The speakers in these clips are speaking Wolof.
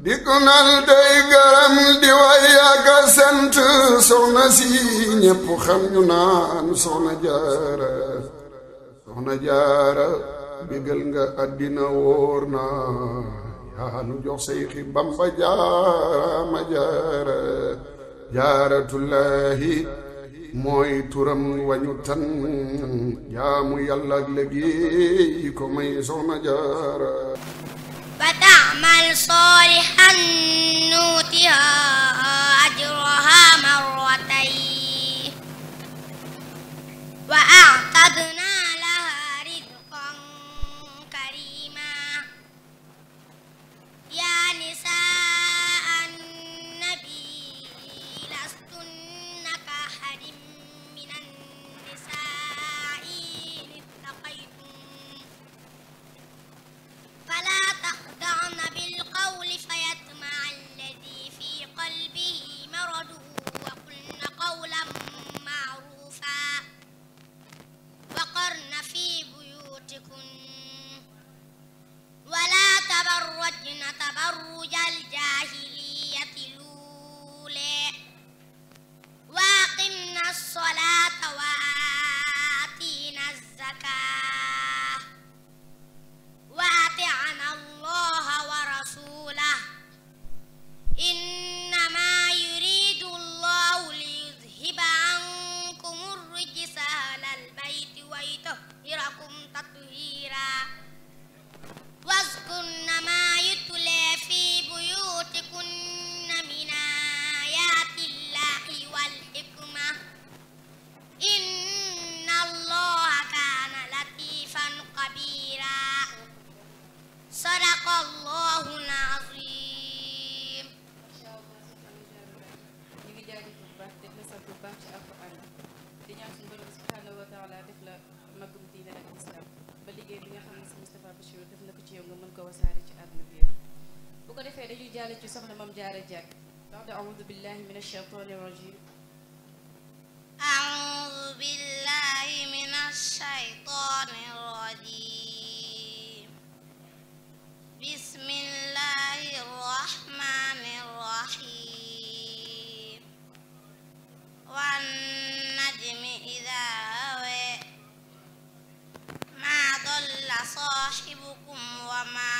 di gunal day garam di way ak sant soxna si ñépp xam ñu naan soxna jaara soxna jaara bégal nga àddina na yaa nu jox say xi bamba jaara ma jaara jaaratullaahi mooy turam wañu tan jaamu yàlla ak léegi ko may soxna jaara صالحا نوتها jàll ci soxna mam jaara jàkk ndax de aoudu billahi min alcheytani rajim aoudu billahi min alcheytani rajim bismillahi rahmani rahim wan najmi ida hawa ma dalla sahibukum wa ma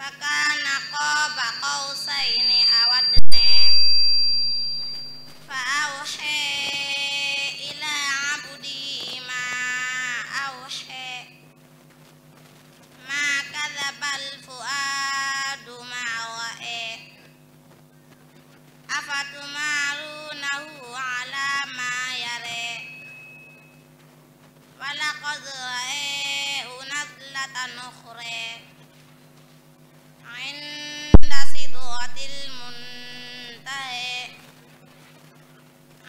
فكان قاب قوسين الصراط المنتهي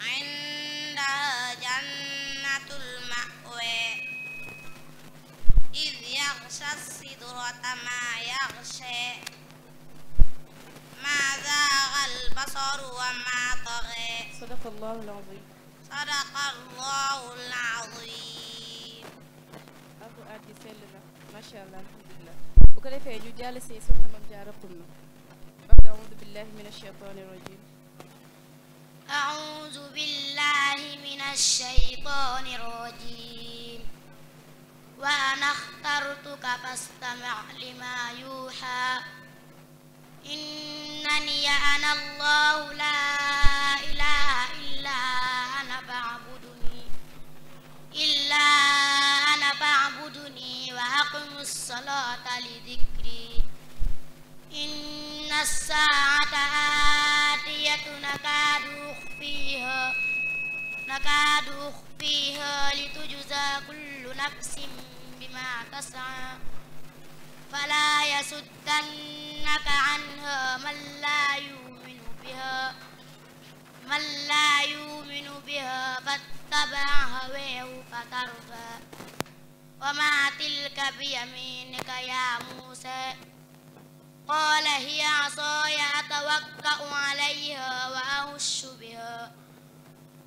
عندها جنة المأوى إذ يغشى السدرة ما يغشى ما زاغ البصر وما طغى صدق الله العظيم صدق الله العظيم alxuraan bi sell na macha allah alhamdulilah bu ko defee ñu jàll si soxna Mame Diarra Xuma أعوذ بالله من الشيطان الرجيم أعوذ بالله من الشيطان الرجيم وأنا اخترتك فاستمع لما يوحى إنني أنا الله لا الساعة آتية نكاد أخفيها نكاد أخفيها لتجزى كل نفس بما تسعى فلا يسدنك عنها من لا يؤمن بها من لا يؤمن بها فاتبع هواه فترضى وما تلك بيمينك يا موسى قال هي عصاي أتوكأ عليها وأهش بها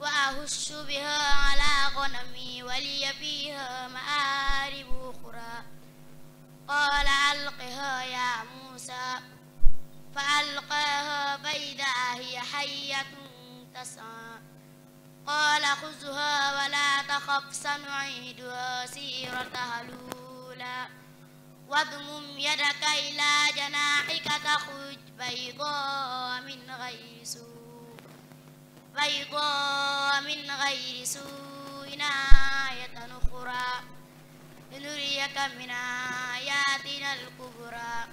وأهش بها على غنمي ولي فيها مآرب أخرى قال ألقها يا موسى فألقاها فإذا هي حية تسعى قال خذها ولا تخف سنعيدها سيرتها الأولى واضمم يدك إلى جناحك تخرج بيضاء من غير سوء بيضاء من غير سوء آية أخرى لنريك من آياتنا الكبرى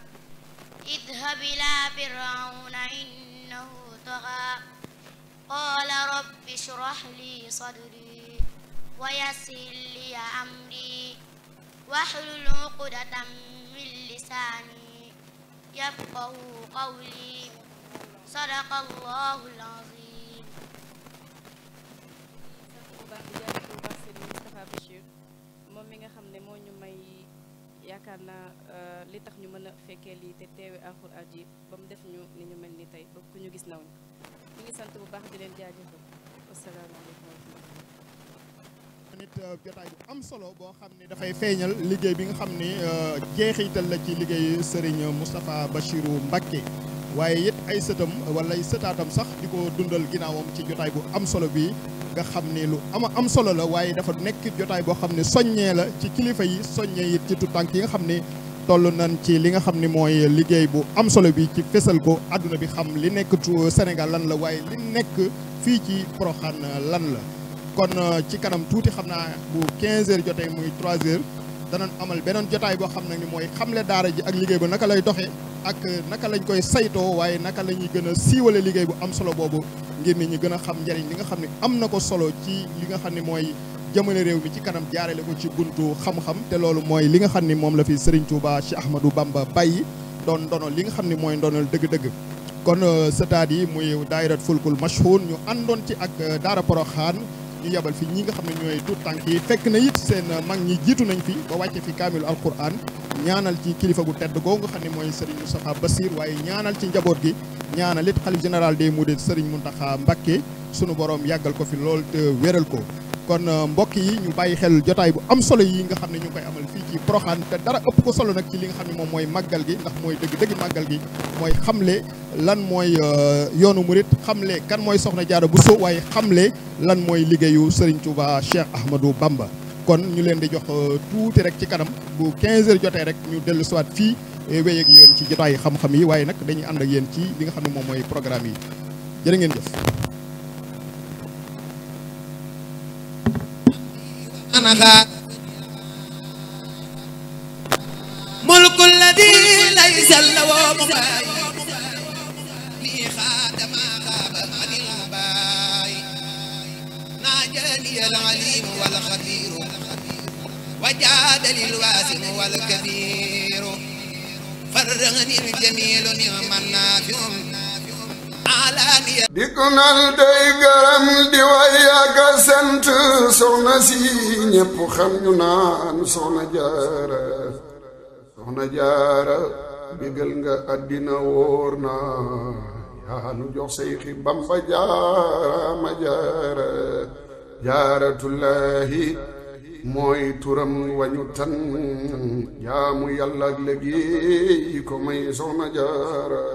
اذهب إلى فرعون إنه طغى قال رب اشرح لي صدري ويسر لي أمري واحلل عقدة من لساني يفقه قولي صدق الله العظيم moom mi nga xam ne moo ñu may yaakaar naa euh, li tax ñu mën a fekkee lii te teewe alxuraan ji ba mu def ñu ni ñu mel ni tey ba ku ñu gis naw ñu ngi sant bu baax di leen jaajëfal wasalaamaaleykum it euh, jotaay bu am solo boo xam ne dafay feeñal liggéey bi nga xam ne euh, jeexital la ci liggéey Serigne Moustapha Bachirou Mbacké waaye it ay sëtam wala ay sëtaatam sax di ko dundal ginnaawam ci jotaay bu am solo bi nga xam ni lu ama am solo la waaye dafa nekk jotaay boo xam ne soññee la ci kilifa yi soññee it ci tutànk yi nga xam ni toll nañ ci li nga xam ni mooy liggéey bu am solo bi ci fesal ko àdduna bi xam li nekk Sénégal lan la waaye li nekk fii ci Porokhane lan la kon euh, ci kanam tuuti xam naa bu 15 heures jotee muy trois heures danañ amal beneen jotaay boo xam ne ni mooy xamle daara ji ak liggéey ba naka lay doxee ak euh, naka lañ koy saytoo waaye naka la ñuy gën a siiwale liggéey bu am solo boobu ngir nit ñi gën a xam njëriñ li nga xam ne am na ko solo ci li nga xam ne mooy jëmale réew mi ci kanam jaarale ko ci buntu xam-xam te loolu mooy li nga xam ne moom la fi Serigne Touba Cheikh Ahmadou Bamba bàyyi doon ndono li nga xam ne mooy ndonal dëgg-dëgg kon euh, sëtaat yi muy daayirat fulkul mashhun ñu àndoon ci ak daara Poroxaan ñu yabal fi ñi nga xam ne ñooy tuut tànk yi fekk na it seen mag ñi jiitu nañ fi ba wàcce fi kaamilu alquran ñaanal ci kilifa gu tedd koo nga xam ne mooy Serigne Moustapha Bassir waaye ñaanal ci njaboot gi ñaanal it xalif général des mourides Serigne Mountakha Mbacké sunu boroom yàggal ko fi lool te wéral ko kon euh, mbokk yi ñu bàyyi xel jotaay bu am solo yi nga xam ne ñu ngi koy amal fii ci Porokhane te dara ëpp ko solo nag ci li nga xam ne moom mooy màggal gi ndax mooy dëgg dëgg màggal gi mooy xamle lan mooy euh, yoonu murit xamle kan mooy soxna Jaara Buso waaye xamle lan mooy liggéeyu Serigne Touba Cheikh Ahmadou Bamba kon ñu leen di jox euh, tuuti rek ci kanam bu 15 heures jotee rek ñu dellu siwaat fii wéy ak ci jotaay xam-xam yi waaye nag dañuy ànd ak yéen ci li nga xam ne moom mooy programme yi jërë ngeen jëf منها ملك الذي ليس له مباي لي خاتم خاب عن المباي ناجاني العليم والخبير وجاد للواسم والكبير فرغني الجميل نعم النافع dikunal day garam di way ak sant soxna si ñépp xam ñu naan soxna jaara soxna nga àddina wóor na yaa nu jox say xi bamba jaara ma jaara jaaratullaahi mooy turam wañu tan jaamu yàlla ak léegi ko may soxna jaara